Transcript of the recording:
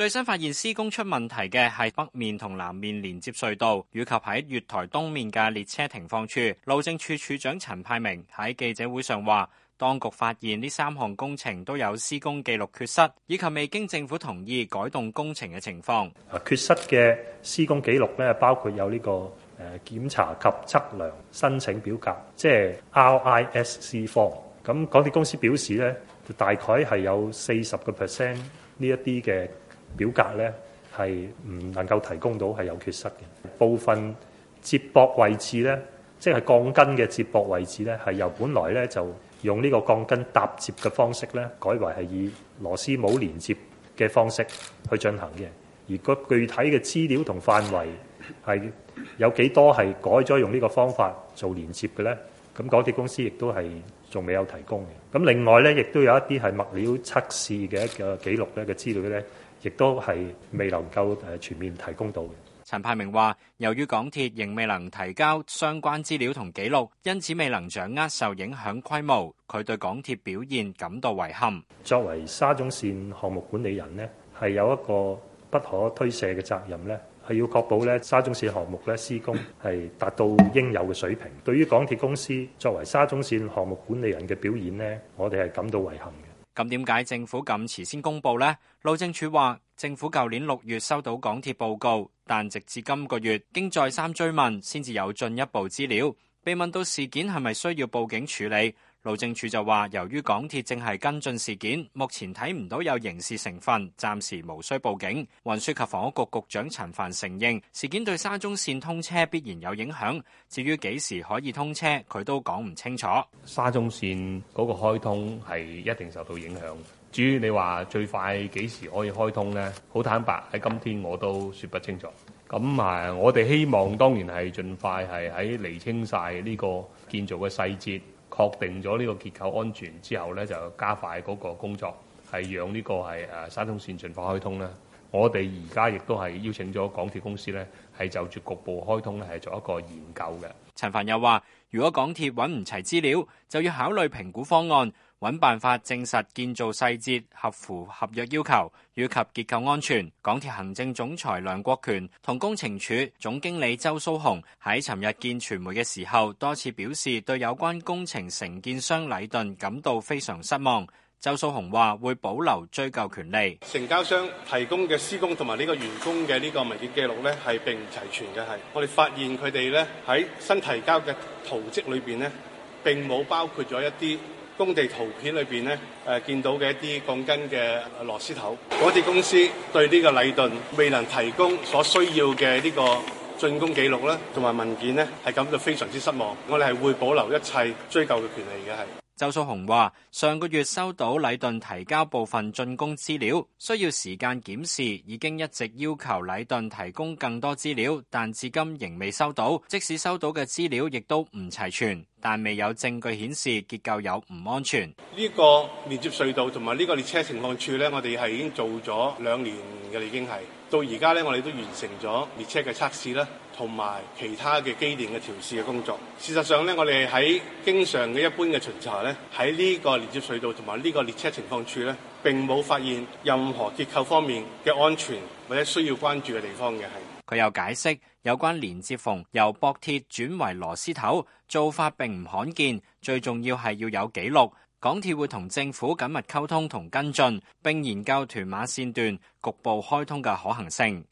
最新發現施工出問題嘅係北面同南面連接隧道，以及喺月台東面嘅列車停放處。路政處處長陳派明喺記者會上話，當局發現呢三項工程都有施工記錄缺失，以及未經政府同意改動工程嘅情況。缺失嘅施工記錄咧，包括有呢個誒檢查及測量申請表格，即係 R I S C form。咁港鐵公司表示咧，大概係有四十個 percent 呢一啲嘅。表格呢，係唔能夠提供到。係有缺失嘅部分接駁位置呢，即係鋼筋嘅接駁位置呢，係由本來呢就用呢個鋼筋搭接嘅方式呢，改為係以螺絲帽連接嘅方式去進行嘅。而個具體嘅資料同範圍，係有幾多係改咗用呢個方法做連接嘅呢？咁港鐵公司亦都係仲未有提供嘅。咁另外呢，亦都有一啲係物料測試嘅一個記錄呢嘅資料呢。亦都係未能夠誒全面提供到。陳派明話，由於港鐵仍未能提交相關資料同記錄，因此未能掌握受影響規模。佢對港鐵表現感到遺憾。作為沙中線項目管理人咧，係有一個不可推卸嘅責任咧，係要確保咧沙中線項目咧施工係達到應有嘅水平。對於港鐵公司作為沙中線項目管理人嘅表現咧，我哋係感到遺憾嘅。咁點解政府咁遲先公佈呢？路政署話，政府舊年六月收到港鐵報告，但直至今個月經再三追問，先至有進一步資料。被問到事件係咪需要報警處理，路政署就話：由於港鐵正係跟進事件，目前睇唔到有刑事成分，暫時無需報警。運輸及房屋局局長陳帆承認，事件對沙中線通車必然有影響。至於幾時可以通車，佢都講唔清楚。沙中線嗰個開通係一定受到影響。至於你話最快幾時可以開通呢？好坦白喺今天我都說不清楚。咁我哋希望當然係盡快係喺釐清晒呢個建造嘅細節，確定咗呢個結構安全之後咧，就加快嗰個工作，係讓呢個係誒沙中線盡快開通啦。我哋而家亦都係邀請咗港鐵公司咧，係就住局部開通咧係做一個研究嘅。陳帆又話，如果港鐵揾唔齊資料，就要考慮評估方案。揾辦法，證實建造細節，合乎合約要求，以及結構安全。港鐵行政總裁梁國權同工程處總經理周蘇紅，喺尋日見傳媒嘅時候，多次表示對有關工程承建商禮頓感到非常失望。周蘇紅話，會保留追究權利。成交商提供嘅施工同埋呢個員工嘅呢個文件記錄係並唔齊全嘅。我哋發現佢哋喺新提交嘅圖則裏面並冇包括咗一啲公地圖片裡面呢，見到啲供根的螺絲頭，我哋公司對呢個訂單未能提供所需要的那個準工記錄呢，呢個問題呢，係感到非常失望，我會保留一切最終的權利。就說紅花，上個月收到訂單提供部分準工資料，需要時間檢視已經一直要求訂單提供更多資料，但是今仍未收到，即時收到的資料亦都不齊全。但未有證據顯示結構有唔安全。呢個連接隧道同埋呢個列車停放處呢，我哋係已經做咗兩年嘅。已經係到而家呢，我哋都完成咗列車嘅測試啦，同埋其他嘅機電嘅調試嘅工作。事實上呢，我哋喺經常嘅一般嘅巡查呢，喺呢個連接隧道同埋呢個列車停放處呢，並冇發現任何結構方面嘅安全或者需要關注嘅地方嘅係。佢又解釋有關連接縫由駁鐵轉為螺絲頭做法並唔罕見，最重要係要有記錄。港鐵會同政府緊密溝通同跟進，並研究屯馬線段局部開通嘅可行性。